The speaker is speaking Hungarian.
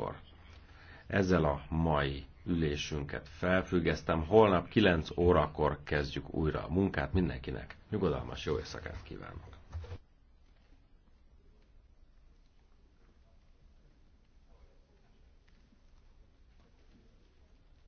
akkor ezzel a mai ülésünket felfüggesztem. Holnap 9 órakor kezdjük újra a munkát. Mindenkinek nyugodalmas jó éjszakát kívánok!